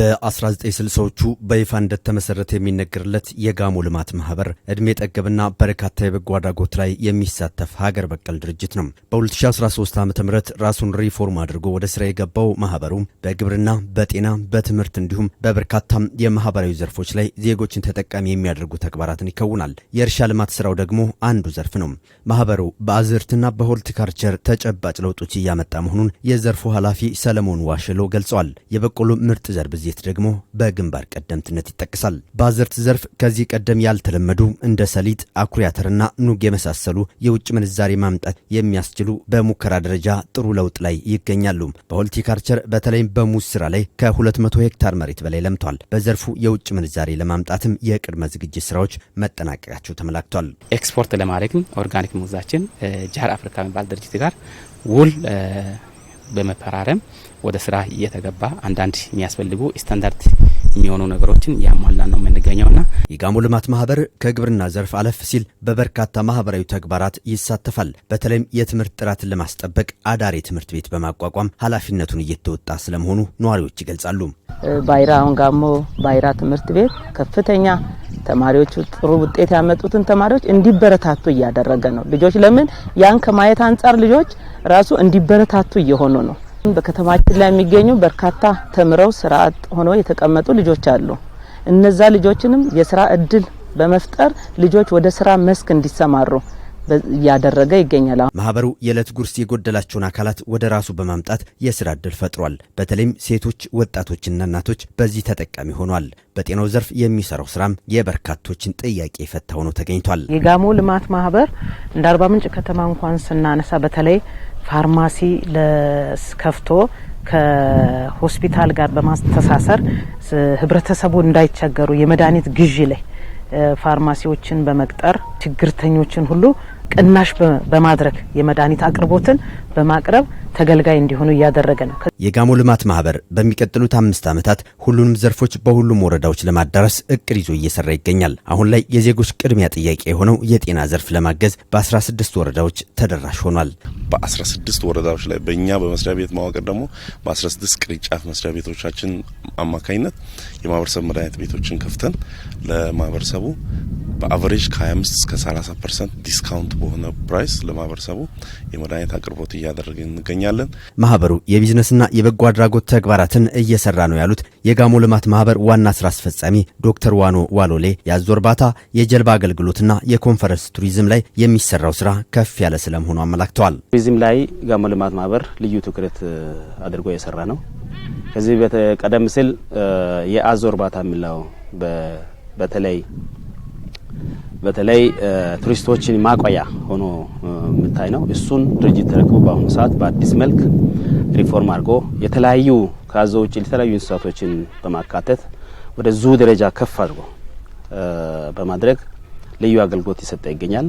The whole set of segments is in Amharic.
በ1960ዎቹ በይፋ እንደተመሰረተ የሚነገርለት የጋሞ ልማት ማህበር እድሜ ጠገብና በርካታ የበጎ አድራጎት ላይ የሚሳተፍ ሀገር በቀል ድርጅት ነው። በ2013 ዓ ም ራሱን ሪፎርም አድርጎ ወደ ስራ የገባው ማህበሩ በግብርና፣ በጤና፣ በትምህርት እንዲሁም በበርካታም የማህበራዊ ዘርፎች ላይ ዜጎችን ተጠቃሚ የሚያደርጉ ተግባራትን ይከውናል። የእርሻ ልማት ስራው ደግሞ አንዱ ዘርፍ ነው። ማህበሩ በአዝርትና በሆልቲካልቸር ተጨባጭ ለውጦች እያመጣ መሆኑን የዘርፉ ኃላፊ ሰለሞን ዋሽሎ ገልጸዋል። የበቆሎ ምርጥ ዘር ብዜ ውጤት ደግሞ በግንባር ቀደምትነት ይጠቀሳል። በአዝርት ዘርፍ ከዚህ ቀደም ያልተለመዱ እንደ ሰሊጥ፣ አኩሪ አተርና ኑግ የመሳሰሉ የውጭ ምንዛሬ ማምጣት የሚያስችሉ በሙከራ ደረጃ ጥሩ ለውጥ ላይ ይገኛሉ። በሆልቲካልቸር በተለይም በሙዝ ስራ ላይ ከ200 ሄክታር መሬት በላይ ለምቷል። በዘርፉ የውጭ ምንዛሬ ለማምጣትም የቅድመ ዝግጅት ስራዎች መጠናቀቃቸው ተመላክቷል። ኤክስፖርት ለማድረግም ኦርጋኒክ ሙዛችን ጃር አፍሪካ የሚባል ድርጅት ጋር ውል በመፈራረም ወደ ስራ እየተገባ አንዳንድ የሚያስፈልጉ ስታንዳርድ የሚሆኑ ነገሮችን ያሟላ ነው የምንገኘውና የጋሞ ልማት ማህበር ከግብርና ዘርፍ አለፍ ሲል በበርካታ ማህበራዊ ተግባራት ይሳተፋል። በተለይም የትምህርት ጥራትን ለማስጠበቅ አዳሪ ትምህርት ቤት በማቋቋም ኃላፊነቱን እየተወጣ ስለመሆኑ ነዋሪዎች ይገልጻሉ። ባይራ አሁን ጋሞ ባይራ ትምህርት ቤት ከፍተኛ ተማሪዎቹ ጥሩ ውጤት ያመጡትን ተማሪዎች እንዲበረታቱ እያደረገ ነው። ልጆች ለምን ያን ከማየት አንጻር ልጆች ራሱ እንዲበረታቱ እየሆኑ ነው። በከተማችን ላይ የሚገኙ በርካታ ተምረው ስራ አጥ ሆነው የተቀመጡ ልጆች አሉ። እነዛ ልጆችንም የስራ እድል በመፍጠር ልጆች ወደ ስራ መስክ እንዲሰማሩ እያደረገ ይገኛል። ማህበሩ የዕለት ጉርስ የጎደላቸውን አካላት ወደ ራሱ በማምጣት የስራ እድል ፈጥሯል። በተለይም ሴቶች፣ ወጣቶችና እናቶች በዚህ ተጠቃሚ ሆኗል። በጤናው ዘርፍ የሚሰራው ስራም የበርካቶችን ጥያቄ የፈታ ሆኖ ተገኝቷል። የጋሞ ልማት ማህበር እንደ አርባ ምንጭ ከተማ እንኳን ስናነሳ በተለይ ፋርማሲ ለከፍቶ ከሆስፒታል ጋር በማስተሳሰር ህብረተሰቡ እንዳይቸገሩ የመድኃኒት ግዢ ላይ ፋርማሲዎችን በመቅጠር ችግርተኞችን ሁሉ ቅናሽ በማድረግ የመድኃኒት አቅርቦትን በማቅረብ ተገልጋይ እንዲሆኑ እያደረገ ነው። የጋሞ ልማት ማህበር በሚቀጥሉት አምስት ዓመታት ሁሉንም ዘርፎች በሁሉም ወረዳዎች ለማዳረስ እቅድ ይዞ እየሰራ ይገኛል። አሁን ላይ የዜጎች ቅድሚያ ጥያቄ የሆነው የጤና ዘርፍ ለማገዝ በ16 ወረዳዎች ተደራሽ ሆኗል። በ16 ወረዳዎች ላይ በእኛ በመስሪያ ቤት ማዋቅር ደግሞ በ16 ቅርንጫፍ መስሪያ ቤቶቻችን አማካኝነት የማህበረሰብ መድኃኒት ቤቶችን ከፍተን ለማህበረሰቡ በአቨሬጅ ከ25 እስከ 30 ፐርሰንት ዲስካውንት በሆነ ፕራይስ ለማህበረሰቡ የመድኃኒት አቅርቦት እያደረግን እንገኛለን። ማህበሩ የቢዝነስና የበጎ አድራጎት ተግባራትን እየሰራ ነው ያሉት የጋሞ ልማት ማህበር ዋና ስራ አስፈጻሚ ዶክተር ዋኖ ዋሎሌ የአዞ እርባታ፣ የጀልባ አገልግሎትና የኮንፈረንስ ቱሪዝም ላይ የሚሰራው ስራ ከፍ ያለ ስለመሆኑ አመላክተዋል። ቱሪዝም ላይ ጋሞ ልማት ማህበር ልዩ ትኩረት አድርጎ የሰራ ነው። ከዚህ ቀደም ሲል የአዞ እርባታ የሚለው በተለይ በተለይ ቱሪስቶችን ማቆያ ሆኖ የምታይ ነው። እሱን ድርጅት ተረክቦ በአሁኑ ሰዓት በአዲስ መልክ ሪፎርም አድርጎ የተለያዩ ከአዞ ውጭ የተለያዩ እንስሳቶችን በማካተት ወደ ዙ ደረጃ ከፍ አድርጎ በማድረግ ልዩ አገልግሎት ይሰጠ ይገኛል።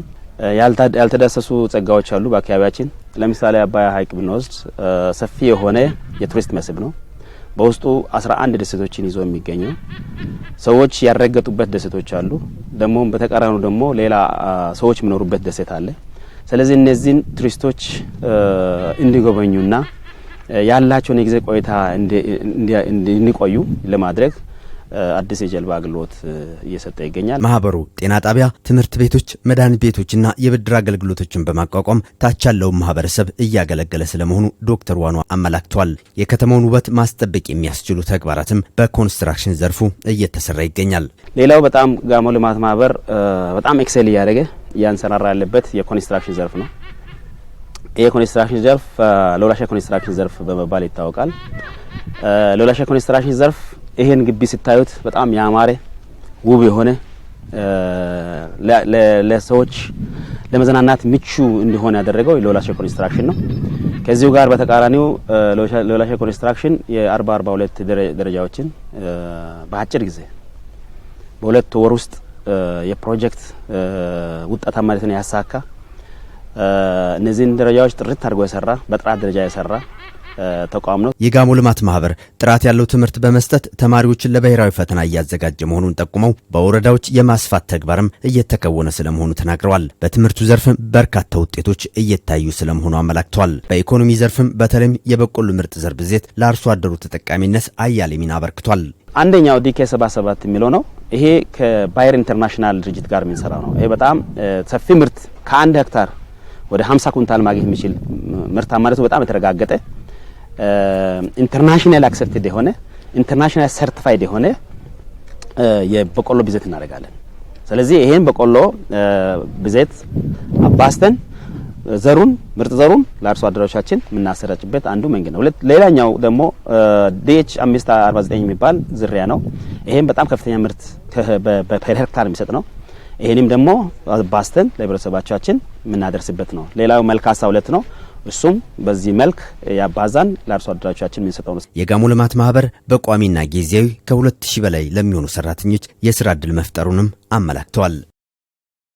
ያልተዳሰሱ ጸጋዎች አሉ በአካባቢያችን። ለምሳሌ አባያ ሐይቅ ብንወስድ ሰፊ የሆነ የቱሪስት መስህብ ነው። በውስጡ 11 ደሴቶችን ይዞ የሚገኘው ሰዎች ያልረገጡበት ደሴቶች አሉ። ደግሞ በተቃራኑ ደግሞ ሌላ ሰዎች የሚኖሩበት ደሴት አለ። ስለዚህ እነዚህን ቱሪስቶች እንዲጎበኙና ያላቸውን የጊዜ ቆይታ እንዲቆዩ ለማድረግ አዲስ የጀልባ አገልግሎት እየሰጠ ይገኛል። ማህበሩ ጤና ጣቢያ፣ ትምህርት ቤቶች፣ መድኃኒት ቤቶችና የብድር አገልግሎቶችን በማቋቋም ታች ያለውን ማህበረሰብ እያገለገለ ስለመሆኑ ዶክተር ዋኗ አመላክቷል። የከተማውን ውበት ማስጠበቅ የሚያስችሉ ተግባራትም በኮንስትራክሽን ዘርፉ እየተሰራ ይገኛል። ሌላው በጣም ጋሞ ልማት ማህበር በጣም ኤክሴል እያደረገ እያንሰራራ ያለበት የኮንስትራክሽን ዘርፍ ነው። ይህ የኮንስትራክሽን ዘርፍ ሎላሻ ኮንስትራክሽን ዘርፍ በመባል ይታወቃል። ሎላሻ ኮንስትራክሽን ዘርፍ ይሄን ግቢ ስታዩት በጣም ያማረ ውብ የሆነ ለሰዎች ለመዝናናት ምቹ እንዲሆን ያደረገው የሎላሼ ኮንስትራክሽን ነው። ከዚሁ ጋር በተቃራኒው ሎላሼ ኮንስትራክሽን የአርባ አርባ ሁለት ደረጃዎችን በአጭር ጊዜ በሁለት ወር ውስጥ የፕሮጀክት ውጤታማነትን ያሳካ እነዚህን ደረጃዎች ጥርት አድርጎ የሰራ በጥራት ደረጃ የሰራ ተቋም ነው። የጋሞ ልማት ማህበር ጥራት ያለው ትምህርት በመስጠት ተማሪዎችን ለብሔራዊ ፈተና እያዘጋጀ መሆኑን ጠቁመው በወረዳዎች የማስፋት ተግባርም እየተከወነ ስለመሆኑ ተናግረዋል። በትምህርቱ ዘርፍም በርካታ ውጤቶች እየታዩ ስለመሆኑ አመላክተዋል። በኢኮኖሚ ዘርፍም በተለይም የበቆሎ ምርጥ ዘር ብዜት ለአርሶ አደሩ ተጠቃሚነት አያሌ ሚና አበርክቷል። አንደኛው ዲኬ 77 የሚለው ነው። ይሄ ከባየር ኢንተርናሽናል ድርጅት ጋር የምንሰራ ነው። ይሄ በጣም ሰፊ ምርት ከአንድ ሄክታር ወደ 50 ኩንታል ማግኘት የሚችል ምርታማነቱ በጣም የተረጋገጠ ኢንተርናሽናል አክሰፕትድ የሆነ ኢንተርናሽናል ሰርቲፋይድ የሆነ የበቆሎ ብዜት እናደርጋለን። ስለዚህ ይሄን በቆሎ ብዜት አባስተን ዘሩን ምርጥ ዘሩን ለአርሶ አደሮቻችን የምናሰራጭበት አንዱ መንገድ ነው። ሌላኛው ደግሞ ዲኤች 549 የሚባል ዝርያ ነው። ይሄን በጣም ከፍተኛ ምርት ፐር ሄክታር የሚሰጥ ነው። ይሄንም ደግሞ ባስተን ለህብረተሰባቻችን የምናደርስበት ነው። ሌላው መልካሳ ሁለት ነው። እሱም በዚህ መልክ ያባዛን ለአርሶ አደራቻችን የምንሰጠው ነው። የጋሞ ልማት ማህበር በቋሚና ጊዜያዊ ከሁለት ሺህ በላይ ለሚሆኑ ሰራተኞች የስራ እድል መፍጠሩንም አመላክተዋል።